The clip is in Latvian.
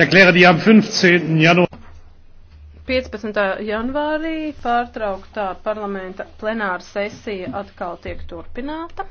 erkläre die am 15. Januar 15. janvārī pārtrauktā parlamenta plenāra sesija atkal tiek turpināta.